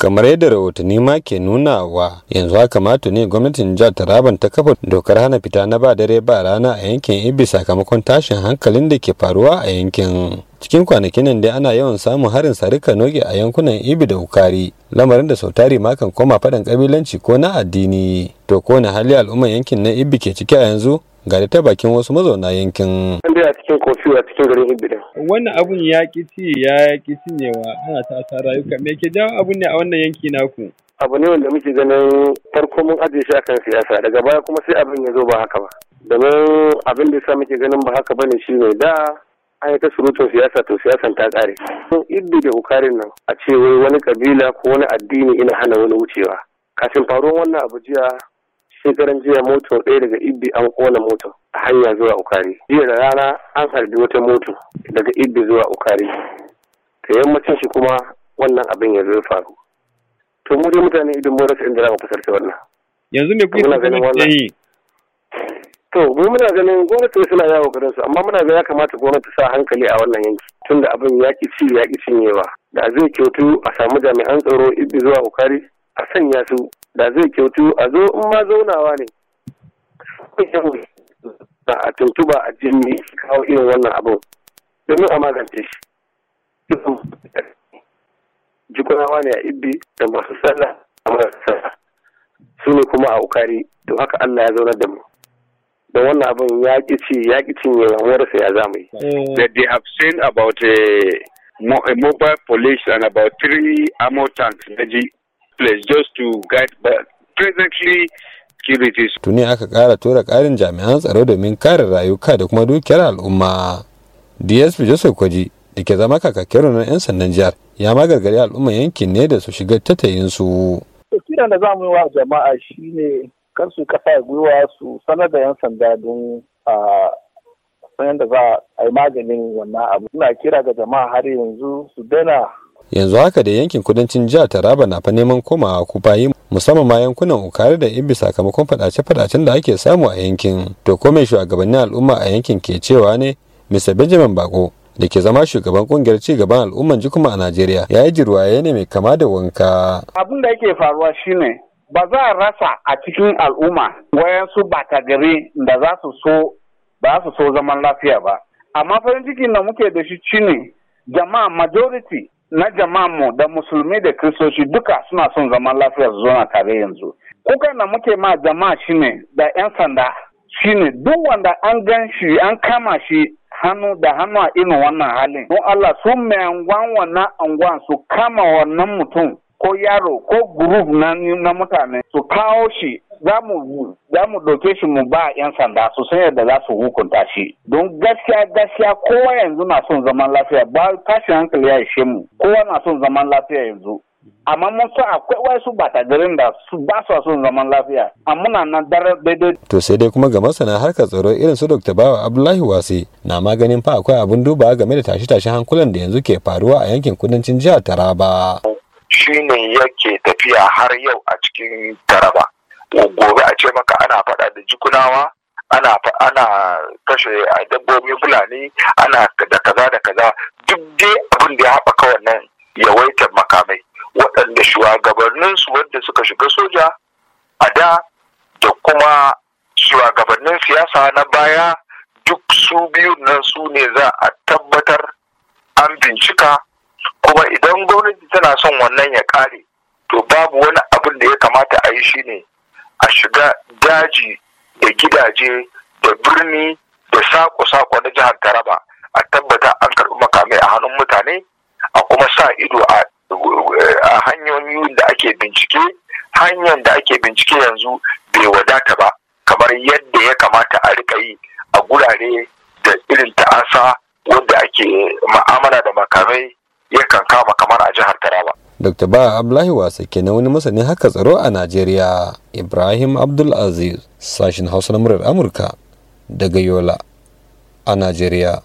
kamar yadda rahotanni ma ke nuna wa yanzu haka ma tuni gwamnatin jihar taraban ta kafa dokar hana fita na ba dare ba rana a yankin ibi sakamakon tashin hankalin da ke faruwa a yankin cikin kwanakin nan dai ana yawan samun harin sarika noge a yankunan ibi da ukari lamarin da sau tari ma kan koma faɗan ƙabilanci ko na addini to ko na hali al'umman yankin na ibi ke ciki a yanzu ga ta bakin wasu mazauna yankin. An a cikin kofi a cikin garin Ibirin. Wannan abun ya ki ci ya ki cinyewa ana ta ta rayuka me ke jawo abun ne a wannan yanki naku? Abu ne wanda muke ganin farko mun ajiye shi akan siyasa daga baya kuma sai abin ya zo ba haka ba. Domin abin da yasa muke ganin ba haka bane shi ne da an yi ta surutun siyasa to siyasan ta kare. Sun iddi da hukarin nan a ce wani kabila ko wani addini ina hana wani wucewa. Kafin faruwar wannan abu jiya shekaran jiya moto ɗaya daga ibbi an kona moto a hanya zuwa ukari jiya da rana an harbi wata moto daga ibbi zuwa ukari ta yammacin shi kuma wannan abin ya zai faru to mu dai mutane idan mu rasa inda za mu fusarta wannan yanzu me kuke ganin wannan to mu muna ganin gwamnati suna yawo garin su amma muna ganin ya kamata gwamnati sa hankali a wannan yanki tunda abin ya ci ya ki cinyewa da zai kyautu a samu jami'an tsaro ibbi zuwa ukari a sanya su da zai kyautu a zo in ma zaunawa ne da a kyautu ba a jini kawo irin wannan abu domin a magance shi jikunawa ne a ibbi da masu sallah a marasa su ne kuma a ukari to haka Allah ya zaunar da mu da wannan abin ya ƙi ci ya ƙi cinyewa sai ya zamu yi eh. that they have seen about a eh, eh, mobile police and about three ammo tanks na ji place just to guide but presently securities. Tuni aka kara tura karin jami'an tsaro domin kare rayuka da kuma dukiyar al'umma. DSP Joseph Kwaji da ke zama kakakkiyar rundunar 'yan sandan jihar ya magargari al'umma yankin ne da su shiga su Kiran da zamu yi wa jama'a shine kar su kasa gwiwa su sanar da 'yan sanda don a san yadda za a yi maganin wannan abu. Muna kira ga jama'a har yanzu su daina yanzu haka da yankin kudancin jihar taraba na fa neman komawa kufayi musamman ma yankunan ukari da ibi sakamakon fadace-fadacen da ake samu a yankin to ko mai shugabannin al'umma a yankin ke cewa ne mr benjamin bako da ke zama shugaban kungiyar ci gaban al'umman jikuma a najeriya ya yi jirwaye ne mai kama da wanka abin da yake faruwa shine ba za a rasa a cikin al'umma wayansu bata gari da za su so ba su so zaman lafiya ba amma farin cikin da muke da shi shine jama'a majority na jama'anmu da musulmi da kristoci duka suna son zaman lafiya su na tare yanzu kukan da muke ma jama'a shine da 'yan sanda shine duk wanda an gan shi an kama shi hannu da hannu a irin wannan halin don Allah su mai anguwan wannan anguwan su kama wannan mutum ko yaro ko guruf na mutane su kawo shi za mu ɗauke shi mu ba 'yan sanda su san yadda za su hukunta shi don gaskiya gaskiya kowa yanzu na son zaman lafiya ba tashin hankali ya ishe mu kowa na son zaman lafiya yanzu amma mun san akwai wasu bata garin da su ba su son zaman lafiya amma na nan dare daidai. to sai dai kuma ga masana harkar tsaro irin su dr bawa abdullahi wase na maganin fa akwai abin duba game da tashe-tashen hankulan da yanzu ke faruwa a yankin kudancin jihar taraba. ne yake tafiya har yau a cikin taraba gobe a ce maka ana faɗa da jikunawa ana ana kashe dabbobi fulani ana da kaza da kaza duk dai abin da ya haɓaka wannan yawaitar makamai waɗanda shugabanninsu wadda suka shiga soja a da da kuma shugabannin siyasa na baya duk su biyu nan su ne za a tabbatar an bincika kuma idan gwamnati tana son wannan ya kare to babu wani abin da ya kamata a yi shine a shiga daji da gidaje da birni da sako-sako na jihar taraba a tabbata an karɓi makamai a hannun mutane a kuma sa ido a hanyoyin da ake bincike hanyar da ake bincike yanzu bai wadata ba kamar yadda ya kamata a rika yi a gurare da irin ta'asa wanda ake ma'amala da makamai yakan kama kamar a jihar taraba dr ba ablahi wasa na wani masanin haka tsaro a najeriya ibrahim abdul aziz sashin hausa na murar amurka daga yola a najeriya